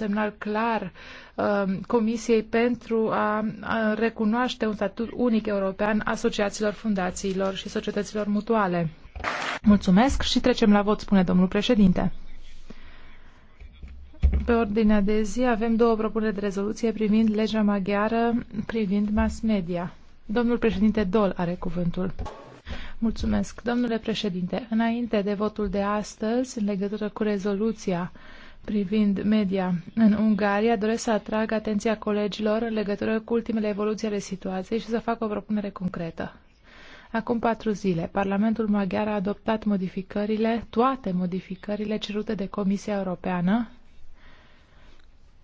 semnal clar um, Comisiei pentru a recunoaște un statut unic european asociațiilor, fundațiilor și societăților mutuale. Mulțumesc și trecem la vot, spune domnul președinte. Pe ordinea de zi avem două propuneri de rezoluție privind legea maghiară, privind mass media. Domnul președinte Dol are cuvântul. Mulțumesc. Domnule președinte, înainte de votul de astăzi, în legătură cu rezoluția privind media în Ungaria, doresc să atrag atenția colegilor în legătură cu ultimele evoluții ale situației și să fac o propunere concretă. Acum patru zile, Parlamentul maghiar a adoptat modificările, toate modificările cerute de Comisia Europeană,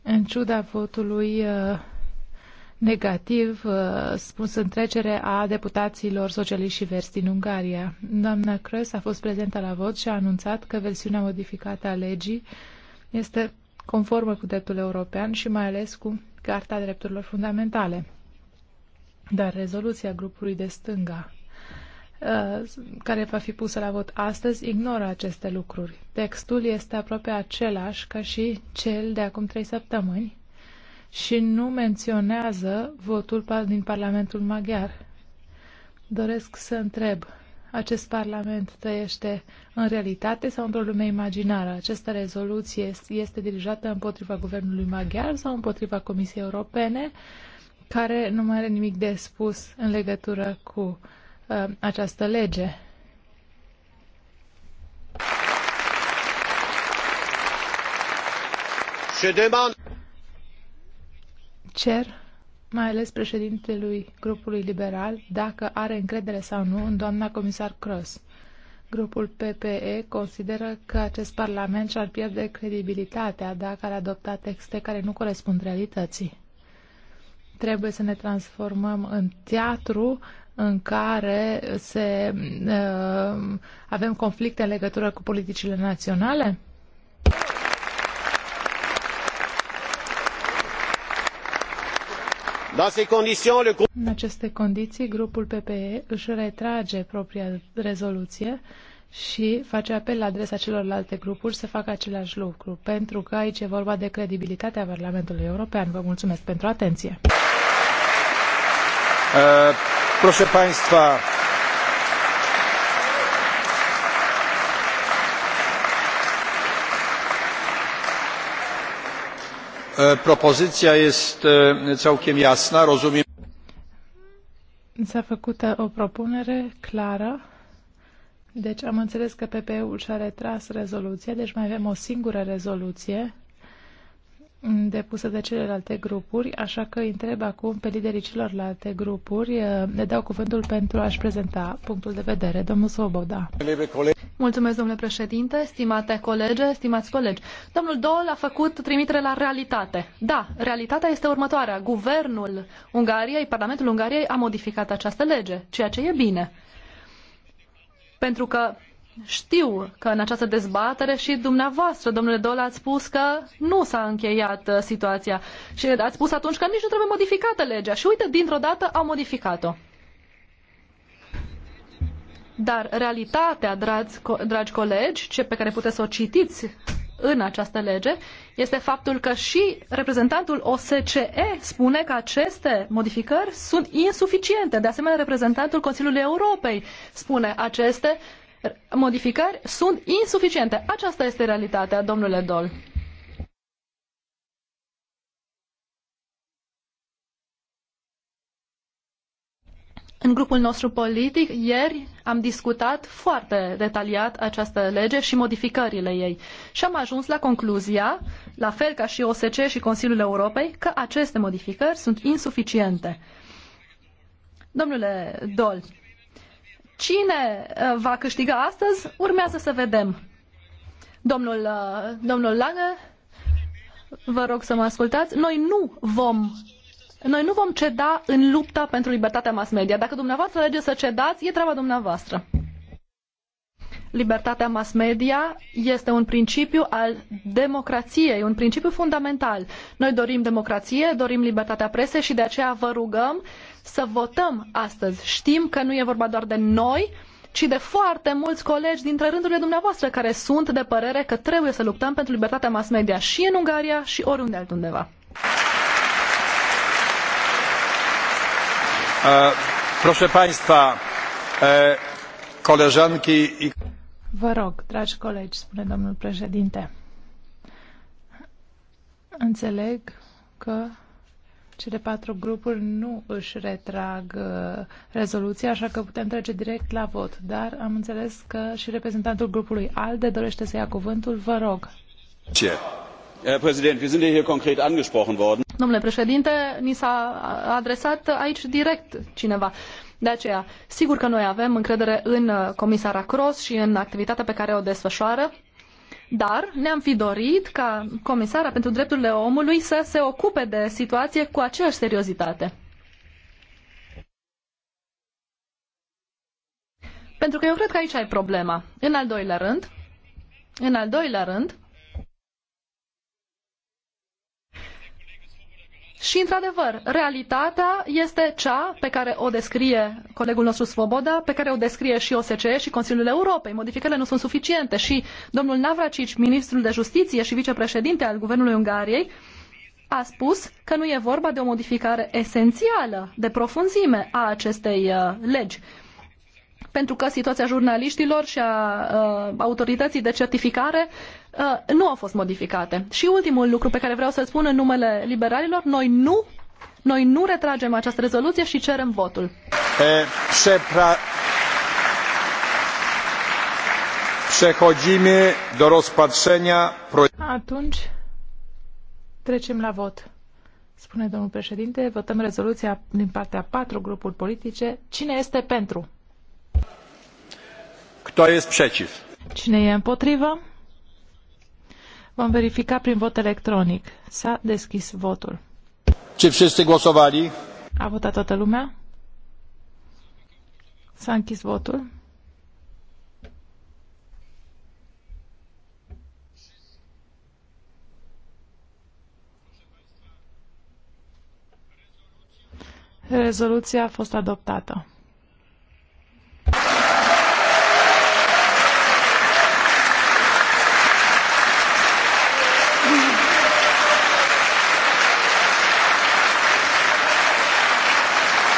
în ciuda votului uh, negativ uh, spus în trecere a deputaților socialiști și verzi din Ungaria. Doamna Crăs a fost prezentă la vot și a anunțat că versiunea modificată a legii este conformă cu dreptul european și mai ales cu Carta Drepturilor Fundamentale. Dar rezoluția grupului de stânga uh, care va fi pusă la vot astăzi ignoră aceste lucruri. Textul este aproape același ca și cel de acum trei săptămâni și nu menționează votul din Parlamentul Maghiar. Doresc să întreb, acest Parlament trăiește în realitate sau într-o lume imaginară? Această rezoluție este dirijată împotriva guvernului maghiar sau împotriva Comisiei Europene, care nu mai are nimic de spus în legătură cu uh, această lege? Cer mai ales președintelui grupului liberal, dacă are încredere sau nu în doamna comisar Cross. Grupul PPE consideră că acest parlament și-ar pierde credibilitatea dacă ar adopta texte care nu corespund realității. Trebuie să ne transformăm în teatru în care se, uh, avem conflicte în legătură cu politicile naționale? În aceste condiții, grupul PPE își retrage propria rezoluție și face apel la adresa celorlalte grupuri să facă același lucru, pentru că aici e vorba de credibilitatea Parlamentului European. Vă mulțumesc pentru atenție. Uh, proszę Państwa, Propoziția este całkiem jasna, rozumiem. S-a făcut o propunere clară. Deci am înțeles că PPE-ul și-a retras rezoluția, deci mai avem o singură rezoluție depusă de celelalte grupuri, așa că întreb acum pe liderii celorlalte grupuri, le dau cuvântul pentru a-și prezenta punctul de vedere. Domnul Svoboda. Mulțumesc, domnule președinte, stimate colege, stimați colegi. Domnul Dol a făcut trimitere la realitate. Da, realitatea este următoarea. Guvernul Ungariei, Parlamentul Ungariei a modificat această lege, ceea ce e bine. Pentru că știu că în această dezbatere și dumneavoastră, domnule Dol, ați spus că nu s-a încheiat uh, situația și ați spus atunci că nici nu trebuie modificată legea. Și uite, dintr-o dată au modificat-o. Dar realitatea, dragi, dragi colegi, ce pe care puteți să o citiți în această lege, este faptul că și reprezentantul OSCE spune că aceste modificări sunt insuficiente. De asemenea, reprezentantul Consiliului Europei spune aceste modificări sunt insuficiente. Aceasta este realitatea, domnule Dol. În grupul nostru politic, ieri am discutat foarte detaliat această lege și modificările ei și am ajuns la concluzia, la fel ca și OSCE și Consiliul Europei, că aceste modificări sunt insuficiente. Domnule Dol, cine uh, va câștiga astăzi, urmează să vedem. Domnul, uh, domnul Lange, vă rog să mă ascultați, noi nu vom noi nu vom ceda în lupta pentru libertatea mass media. Dacă dumneavoastră alegeți să cedați, e treaba dumneavoastră. Libertatea mass media este un principiu al democrației, un principiu fundamental. Noi dorim democrație, dorim libertatea presei și de aceea vă rugăm să votăm astăzi. Știm că nu e vorba doar de noi, ci de foarte mulți colegi dintre rândurile dumneavoastră care sunt de părere că trebuie să luptăm pentru libertatea mass media și în Ungaria și oriunde altundeva. Proszę Państwa, koleżanki i... Vă rog, dragi colegi, spune domnul președinte, înțeleg că cele patru grupuri nu își retrag rezoluția, așa că putem trece direct la vot. Dar am înțeles că și reprezentantul grupului ALDE dorește să ia cuvântul. Vă rog. Ce? Domnule președinte, ni s-a adresat aici direct cineva. De aceea, sigur că noi avem încredere în comisara Cross și în activitatea pe care o desfășoară, dar ne-am fi dorit ca comisara pentru drepturile omului să se ocupe de situație cu aceeași seriozitate. Pentru că eu cred că aici e ai problema. În al doilea rând, în al doilea rând, Și, într-adevăr, realitatea este cea pe care o descrie colegul nostru Svoboda, pe care o descrie și OSCE și Consiliul Europei. Modificările nu sunt suficiente și domnul Navracici, ministrul de justiție și vicepreședinte al Guvernului Ungariei, a spus că nu e vorba de o modificare esențială, de profunzime a acestei uh, legi pentru că situația jurnaliștilor și a uh, autorității de certificare Uh, nu au fost modificate. Și ultimul lucru pe care vreau să-l spun în numele liberalilor, noi nu, noi nu retragem această rezoluție și cerem votul. Przechodzimy do rozpatrzenia... Atunci trecem la vot. Spune domnul președinte, votăm rezoluția din partea patru grupuri politice. Cine este pentru? Kto jest przeciw? Cine e împotrivă? Vom verifica prin vot electronic. S-a deschis votul. Ce wszyscy głosowali? A votat toată lumea? S-a închis votul. Rezoluția a fost adoptată.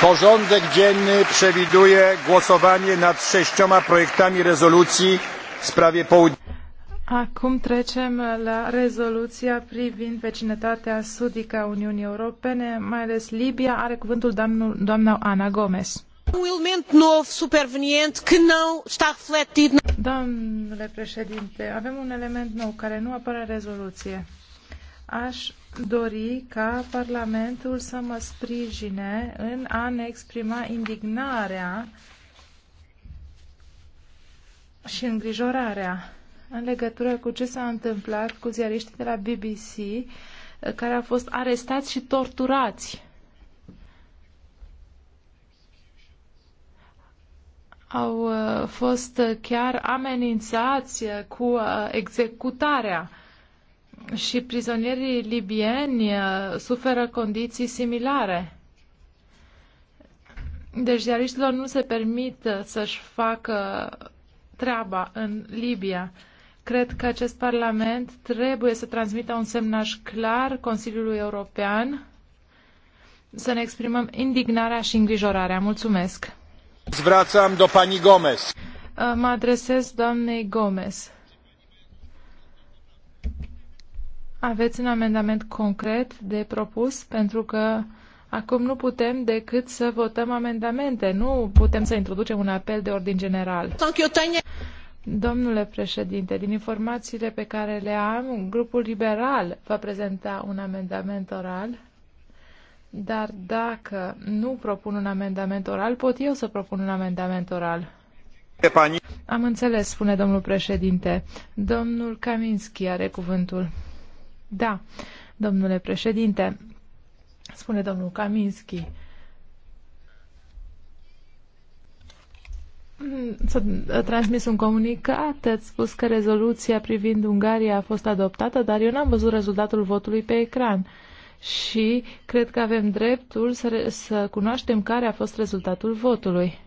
Porządek dzienny przewiduje głosowanie nad sześcioma projektami rezolucji w sprawie południa. Acum trecem la rezoluția privind vecinătatea sudică a Uniunii Europene, mai ales Libia. Are cuvântul doamnul, doamna Ana Gomes. Un um element nou supervenient care nu este reflectit. Domnule președinte, avem un element nou care nu apare în rezoluție aș dori ca Parlamentul să mă sprijine în a ne exprima indignarea și îngrijorarea în legătură cu ce s-a întâmplat cu ziariștii de la BBC care au fost arestați și torturați. Au uh, fost chiar amenințați cu uh, executarea și prizonierii libieni uh, suferă condiții similare. Deci ziariștilor nu se permit uh, să-și facă treaba în Libia. Cred că acest Parlament trebuie să transmită un semnaj clar Consiliului European să ne exprimăm indignarea și îngrijorarea. Mulțumesc! Zwracam do pani Gomez. Uh, mă adresez doamnei Gomez. Aveți un amendament concret de propus? Pentru că acum nu putem decât să votăm amendamente. Nu putem să introducem un apel de ordin general. Domnule președinte, din informațiile pe care le am, grupul liberal va prezenta un amendament oral, dar dacă nu propun un amendament oral, pot eu să propun un amendament oral. Am înțeles, spune domnul președinte. Domnul Kaminski are cuvântul. Da, domnule președinte, spune domnul Kaminski. S-a transmis un comunicat, ați spus că rezoluția privind Ungaria a fost adoptată, dar eu n-am văzut rezultatul votului pe ecran. Și cred că avem dreptul să, să cunoaștem care a fost rezultatul votului.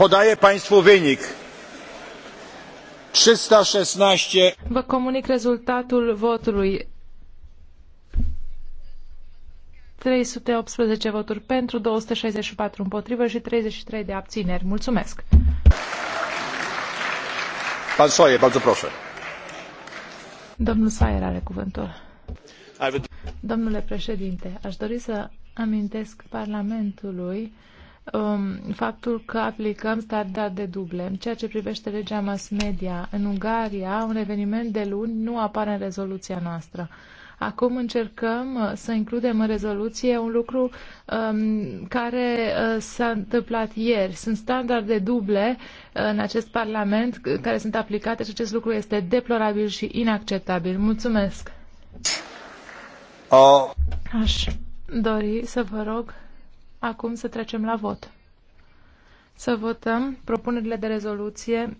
Podaję Państwu wynik. 316. Vă comunic rezultatul votului. 318 voturi pentru, 264 împotrivă și 33 de abțineri. Mulțumesc. Pan Soie, bardzo proszę. Domnul Saier are cuvântul. Domnule președinte, aș dori să amintesc Parlamentului um, faptul că aplicăm standarde duble. În ceea ce privește legea mass media, în Ungaria, un eveniment de luni nu apare în rezoluția noastră. Acum încercăm uh, să includem în rezoluție un lucru um, care uh, s-a întâmplat ieri. Sunt standarde duble uh, în acest Parlament care sunt aplicate și acest lucru este deplorabil și inacceptabil. Mulțumesc! Oh. Aș dori să vă rog Acum să trecem la vot. Să votăm propunerile de rezoluție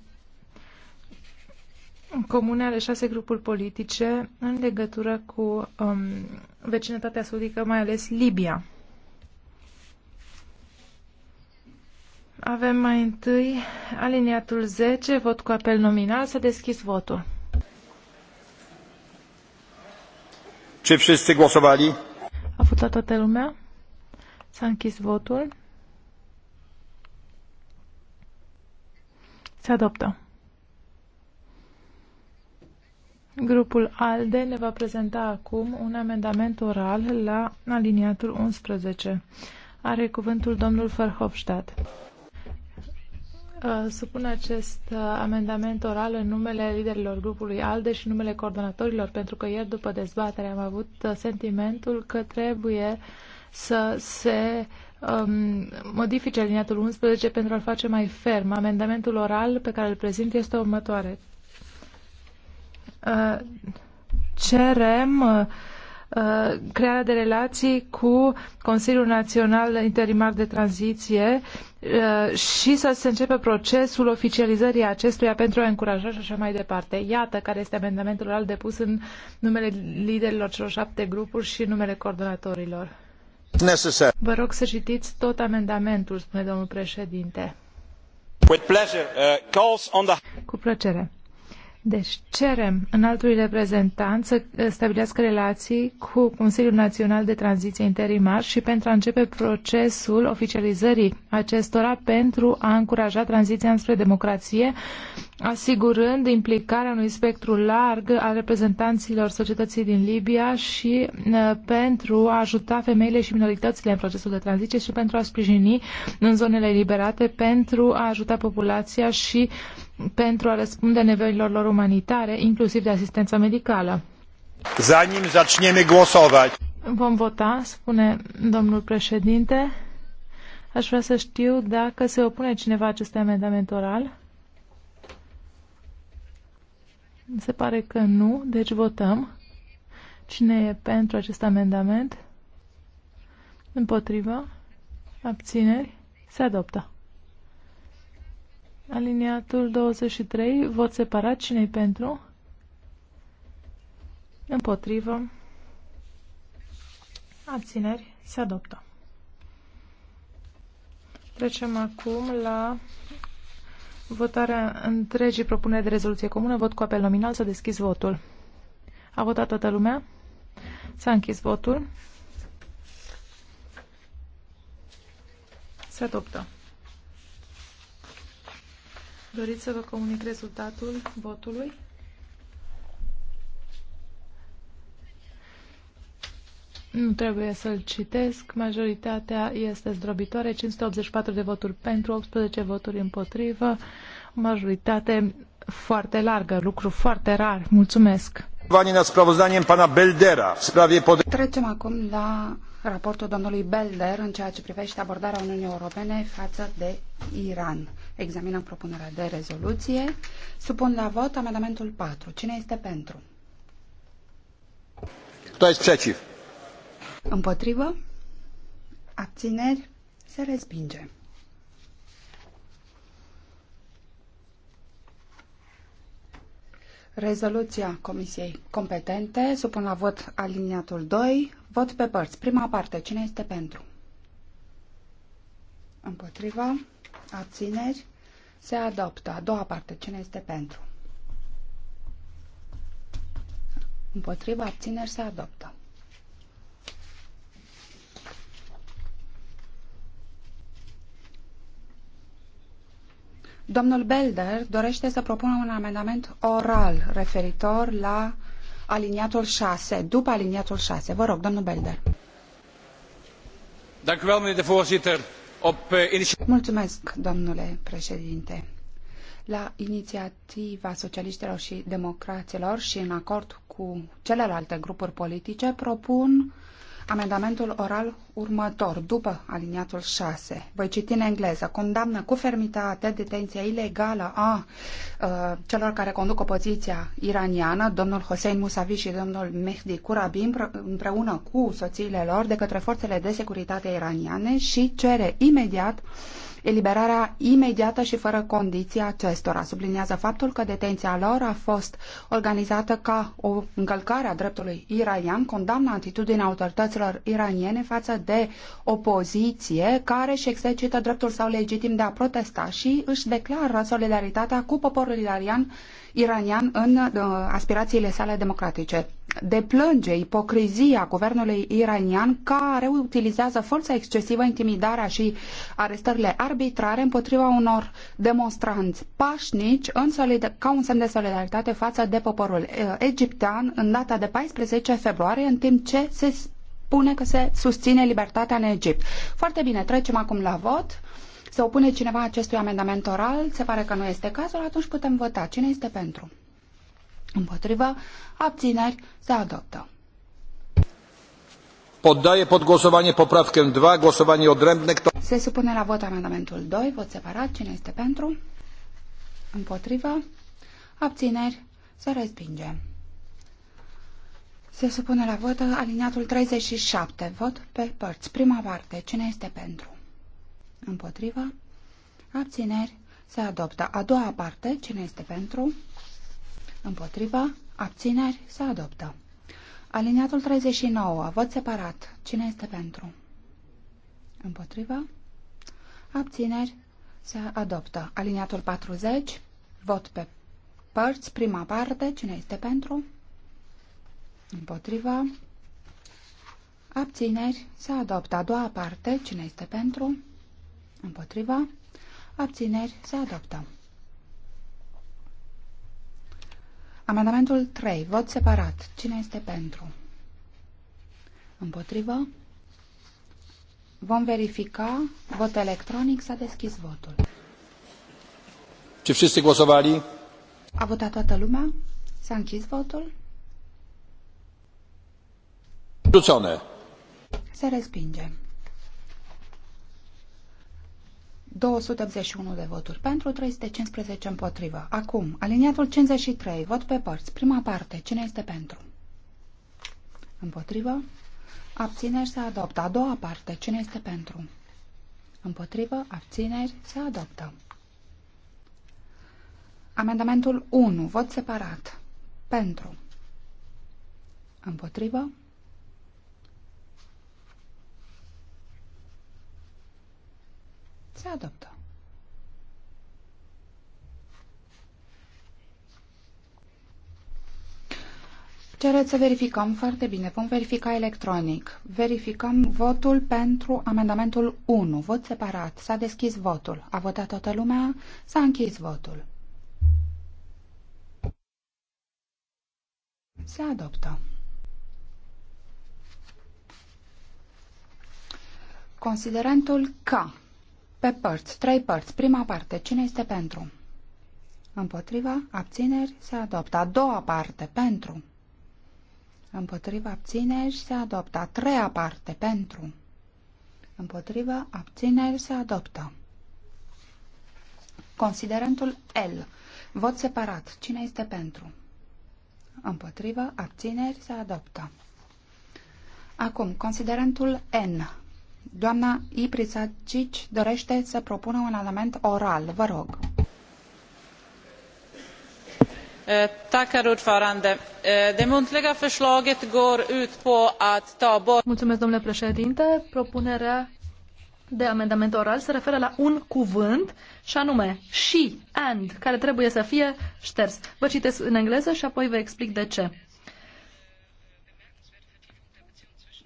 comune ale șase grupuri politice în legătură cu um, vecinătatea sudică, mai ales Libia. Avem mai întâi aliniatul 10, vot cu apel nominal, să deschis votul. Ce wszyscy głosowali? A votat toată lumea? S-a închis votul. Se adoptă. Grupul ALDE ne va prezenta acum un amendament oral la aliniatul 11. Are cuvântul domnul Verhofstadt. Uh, supun acest uh, amendament oral în numele liderilor grupului ALDE și numele coordonatorilor, pentru că ieri după dezbatere am avut uh, sentimentul că trebuie uh, să se um, modifice aliniatul 11 pentru a-l face mai ferm. Amendamentul oral pe care îl prezint este următoare. Uh, cerem uh, uh crearea de relații cu Consiliul Național Interimar de Tranziție uh, și să se începe procesul oficializării acestuia pentru a încuraja și așa mai departe. Iată care este amendamentul al depus în numele liderilor celor șapte grupuri și numele coordonatorilor. Necessary. Vă rog să citiți tot amendamentul, spune domnul președinte. With pleasure, uh, calls on the... Cu plăcere deci cerem înaltului reprezentant să eh, stabilească relații cu Consiliul Național de Tranziție Interimar și pentru a începe procesul oficializării acestora pentru a încuraja tranziția înspre democrație, asigurând implicarea unui spectru larg al reprezentanților societății din Libia și eh, pentru a ajuta femeile și minoritățile în procesul de tranziție și pentru a sprijini în zonele liberate pentru a ajuta populația și pentru a răspunde nevoilor lor umanitare, inclusiv de asistență medicală. Zanim zaczniemy głosować. Vom vota, spune domnul președinte. Aș vrea să știu dacă se opune cineva acestui amendament oral. Se pare că nu, deci votăm. Cine e pentru acest amendament? Împotrivă? Abțineri? Se adoptă. Aliniatul 23, vot separat, cine pentru? Împotrivă. Abțineri, se adoptă. Trecem acum la votarea întregii propuneri de rezoluție comună. Vot cu apel nominal, s-a deschis votul. A votat toată lumea? S-a închis votul. Se adoptă. Doriți să vă comunic rezultatul votului? Nu trebuie să-l citesc. Majoritatea este zdrobitoare. 584 de voturi pentru, 18 voturi împotrivă. majoritate foarte largă, lucru foarte rar. Mulțumesc. pana Beldera Trecem acum la raportul domnului Belder în ceea ce privește abordarea Uniunii Europene față de Iran. Examinăm propunerea de rezoluție. Supun la vot amendamentul 4. Cine este pentru? Toți jest Împotrivă? Abțineri? Se respinge. Rezoluția Comisiei competente supun la vot aliniatul 2, Vot pe părți. Prima parte. Cine este pentru? Împotriva. Abțineri. Se adoptă. A doua parte. Cine este pentru? Împotriva. Abțineri. Se adoptă. Domnul Belder dorește să propună un amendament oral referitor la uh, aliniatul 6, după aliniatul 6. Vă rog, domnul Belder. Eh, Mulțumesc, domnule președinte. La inițiativa socialiștilor și democraților și în acord cu celelalte grupuri politice propun uh, amendamentul oral următor, după aliniatul 6. Voi citi în engleză. Condamnă cu fermitate detenția ilegală a uh, celor care conduc opoziția iraniană, domnul Hossein Musavi și domnul Mehdi Kurabi, împreună cu soțiile lor, de către forțele de securitate iraniane și cere imediat uh, eliberarea imediată și fără condiții acestora. Subliniază faptul că detenția lor a fost organizată ca o încălcare a dreptului iranian, condamnă atitudinea autorităților iraniene față de opoziție care își exercită dreptul sau legitim de a protesta și își declară solidaritatea cu poporul iranian, iranian în uh, aspirațiile sale democratice deplânge ipocrizia guvernului iranian care utilizează forța excesivă, intimidarea și arestările arbitrare împotriva unor demonstranți pașnici în ca un semn de solidaritate față de poporul egiptean în data de 14 februarie, în timp ce se spune că se susține libertatea în Egipt. Foarte bine, trecem acum la vot. Se opune cineva acestui amendament oral? Se pare că nu este cazul, atunci putem vota. Cine este pentru? Împotriva, Abțineri. Se adoptă. Poddaje pod głosowanie poprawkę 2, głosowanie odrębne. Kto... Se supune la vot amendamentul 2, vot separat. Cine este pentru? Împotriva, Abțineri. Se respinge. Se supune la vot aliniatul 37. Vot pe părți. Prima parte. Cine este pentru? Împotriva, Abțineri. Se adoptă. A doua parte. Cine este pentru? Împotriva. Abțineri. Se adoptă. Aliniatul 39. Vot separat. Cine este pentru? Împotriva. Abțineri. Se adoptă. Aliniatul 40. Vot pe părți. Prima parte. Cine este pentru? Împotriva. Abțineri. Se adoptă. A doua parte. Cine este pentru? Împotriva. Abțineri. Se adoptă. Amendamentul 3. Vot separat. Cine este pentru? Împotrivă? Vom verifica. Vot electronic. S-a deschis votul. Ce wszyscy głosowali? A votat toată lumea? S-a închis votul? Se respinge. 281 de voturi pentru, 315 împotrivă. Acum, aliniatul 53, vot pe părți. Prima parte, cine este pentru? Împotrivă. Abțineri se adoptă. A doua parte, cine este pentru? Împotrivă, abțineri se adoptă. Amendamentul 1, vot separat. Pentru. Împotrivă. Se adoptă. Cereți să verificăm foarte bine. Vom verifica electronic. Verificăm votul pentru amendamentul 1. Vot separat. S-a deschis votul. A votat toată lumea. S-a închis votul. Se adoptă. Considerentul K. Pe părți, trei părți. Prima parte, cine este pentru? Împotriva, abțineri, se adoptă. A doua parte, pentru. Împotriva, abțineri, se adoptă. A treia parte, pentru. Împotriva, abțineri, se adoptă. Considerentul L. Vot separat. Cine este pentru? Împotriva, abțineri, se adoptă. Acum, considerentul N. Doamna Iprița Cici dorește să propună un element oral. Vă rog. Mulțumesc, domnule președinte. Propunerea de amendament oral se referă la un cuvânt și anume și and, care trebuie să fie șters. Vă citesc în engleză și apoi vă explic de ce.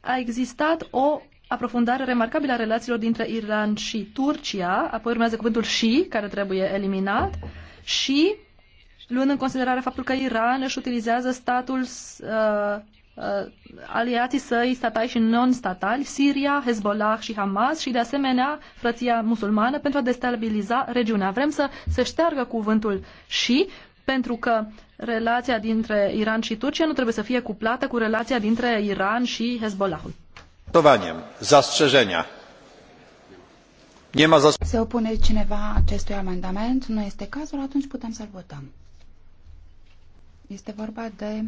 A existat o aprofundare remarcabilă a relațiilor dintre Iran și Turcia, apoi urmează cuvântul și, care trebuie eliminat, și luând în considerare faptul că Iran își utilizează statul uh, uh, aliații săi statali și non-statali, Siria, Hezbollah și Hamas și de asemenea frăția musulmană pentru a destabiliza regiunea. Vrem să se șteargă cuvântul și pentru că relația dintre Iran și Turcia nu trebuie să fie cuplată cu relația dintre Iran și Hezbollahul głosowaniem. Zastrzeżenia. Nie ma Se opune cineva acestui amendament? Nu este cazul, atunci putem să-l votăm. Este vorba de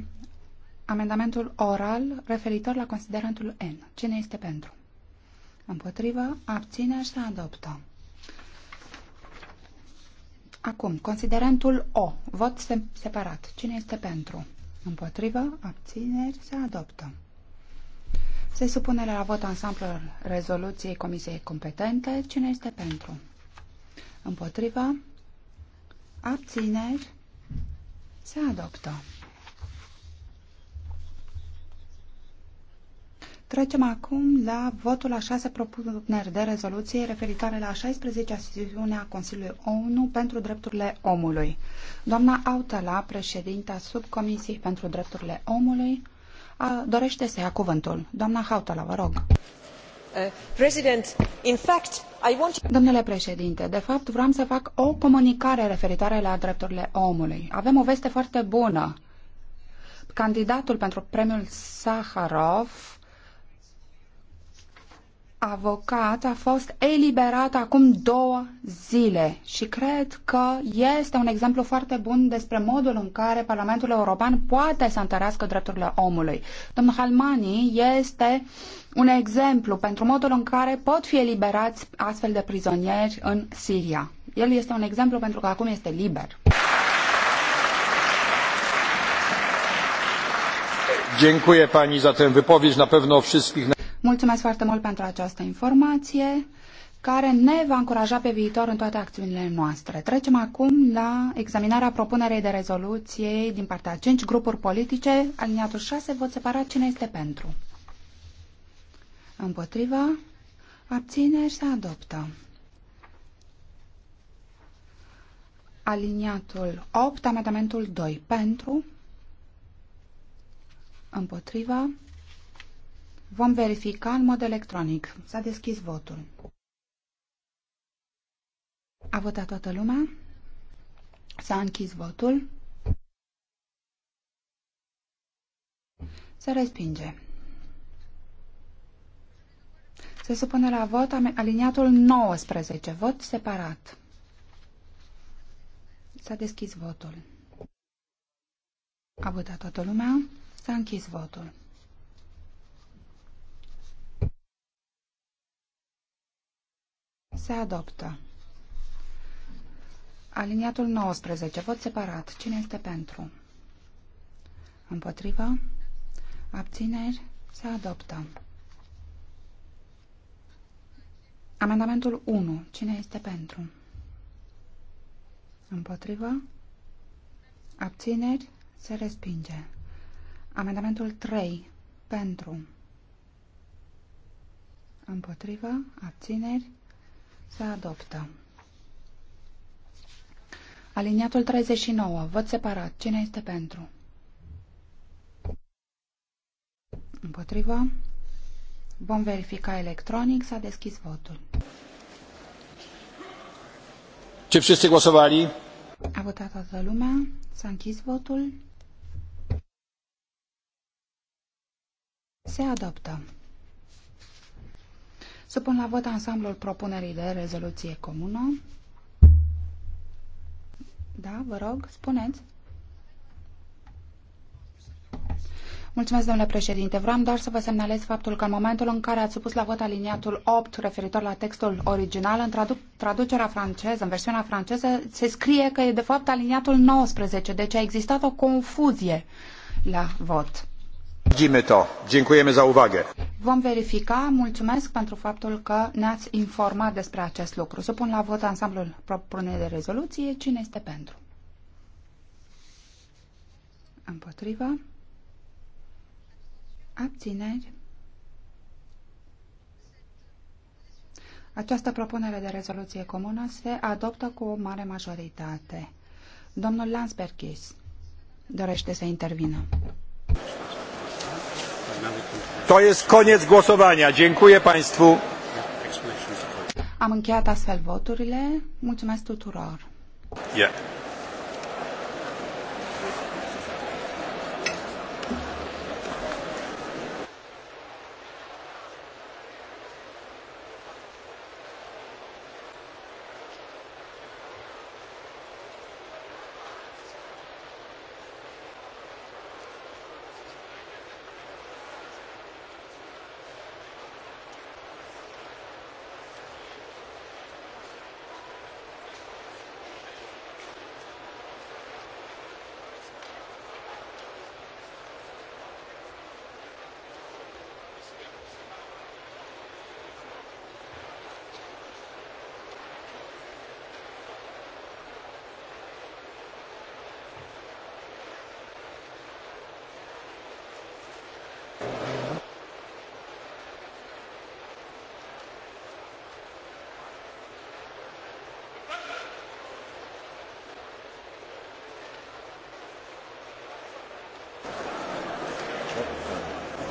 amendamentul oral referitor la considerantul N. Cine este pentru? Împotrivă, abțineri se adoptă. Acum, considerantul O. Vot separat. Cine este pentru? Împotrivă, abțineri se adoptă. Se supune la vot ansamblul rezoluției Comisiei Competente. Cine este pentru? Împotriva? Abțineri? Se adoptă. Trecem acum la votul a șase propuneri de rezoluție referitoare la 16-a sesiune a Consiliului ONU pentru drepturile omului. Doamna Autala, președinta subcomisiei pentru drepturile omului, a, dorește să ia cuvântul. Doamna Hautala, vă rog. Uh, fact, want... Domnule președinte, de fapt vreau să fac o comunicare referitoare la drepturile omului. Avem o veste foarte bună. Candidatul pentru premiul Saharov avocat a fost eliberat acum două zile și cred că este un exemplu foarte bun despre modul în care Parlamentul European poate să întărească drepturile omului. Domnul Halmani este un exemplu pentru modul în care pot fi eliberați astfel de prizonieri în Siria. El este un exemplu pentru că acum este liber. Dziękuję pani za tę wypowiedź. Na pewno wszystkich Mulțumesc foarte mult pentru această informație care ne va încuraja pe viitor în toate acțiunile noastre. Trecem acum la examinarea propunerei de rezoluție din partea a 5 grupuri politice. Aliniatul 6, vot separat, cine este pentru? Împotriva, abțineri, se adoptă. Aliniatul 8, amendamentul 2, pentru, împotriva, Vom verifica în mod electronic. S-a deschis votul. A votat toată lumea? S-a închis votul? Se respinge. Se supune la vot aliniatul 19. Vot separat. S-a deschis votul. A votat toată lumea? S-a închis votul. Se adoptă. Aliniatul 19. Vot separat. Cine este pentru? Împotrivă? Abțineri? Se adoptă. Amendamentul 1. Cine este pentru? Împotrivă? Abțineri? Se respinge. Amendamentul 3. Pentru. Împotrivă? Abțineri? Se adoptă. Aliniatul 39. Văd separat. Cine este pentru? Împotriva. Vom verifica electronic. S-a deschis votul. Ce wszyscy głosowali? A votat toată lumea. S-a închis votul. Se adoptă pun la vot ansamblul propunerii de rezoluție comună. Da, vă rog, spuneți. Mulțumesc, domnule președinte. Vreau doar să vă semnalez faptul că în momentul în care ați supus la vot aliniatul 8 referitor la textul original, în tradu traducerea franceză, în versiunea franceză, se scrie că e de fapt aliniatul 19, deci a existat o confuzie la vot. Dziękujemy za uwagę. Vom verifica. Mulțumesc pentru faptul că ne-ați informat despre acest lucru. Să pun la vot ansamblul propunerii de rezoluție. Cine este pentru? Împotrivă. Abțineri. Această propunere de rezoluție comună se adoptă cu o mare majoritate. Domnul Lansbergis dorește să intervină. To jest koniec głosowania. Dziękuję Państwu. Am încheiat astfel voturile. Mulțumesc tuturor. Yeah.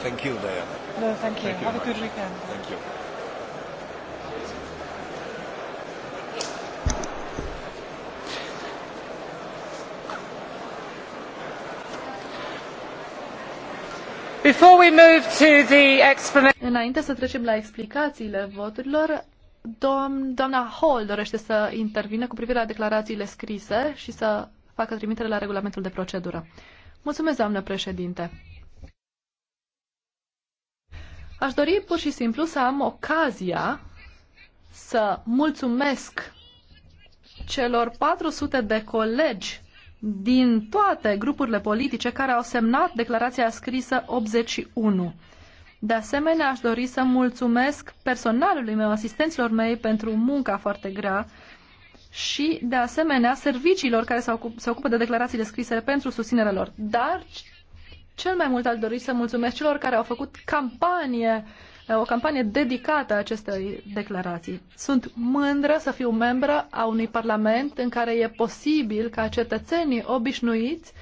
Thank you, Diana. No, thank you. Thank you Have a good weekend. Thank you. Before we move to the explanation. Înainte să trecem la explicațiile voturilor, doamna Hall dorește să intervină cu privire la declarațiile scrise și să facă trimitere la regulamentul de procedură. Mulțumesc, doamnă președinte. Aș dori pur și simplu să am ocazia să mulțumesc celor 400 de colegi din toate grupurile politice care au semnat declarația scrisă 81. De asemenea, aș dori să mulțumesc personalului meu, asistenților mei pentru munca foarte grea și, de asemenea, serviciilor care se ocupă de declarațiile scrise pentru susținerea lor. Dar cel mai mult aș dori să mulțumesc celor care au făcut campanie, o campanie dedicată acestei declarații. Sunt mândră să fiu membră a unui parlament în care e posibil ca cetățenii obișnuiți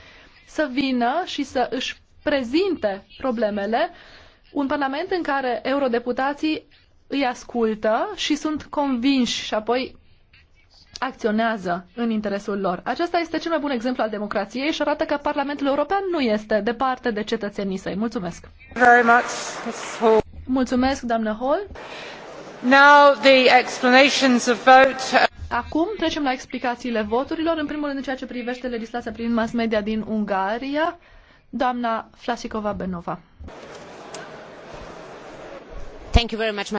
să vină și să își prezinte problemele, un parlament în care eurodeputații îi ascultă și sunt convinși și apoi acționează în interesul lor. Acesta este cel mai bun exemplu al democrației și arată că Parlamentul European nu este departe de cetățenii săi. Mulțumesc! Very much, Mulțumesc, doamnă Hall! Now the explanations of vote. Acum trecem la explicațiile voturilor. În primul rând, în ceea ce privește legislația prin mass media din Ungaria, doamna Flasikova-Benova. Thank you very much.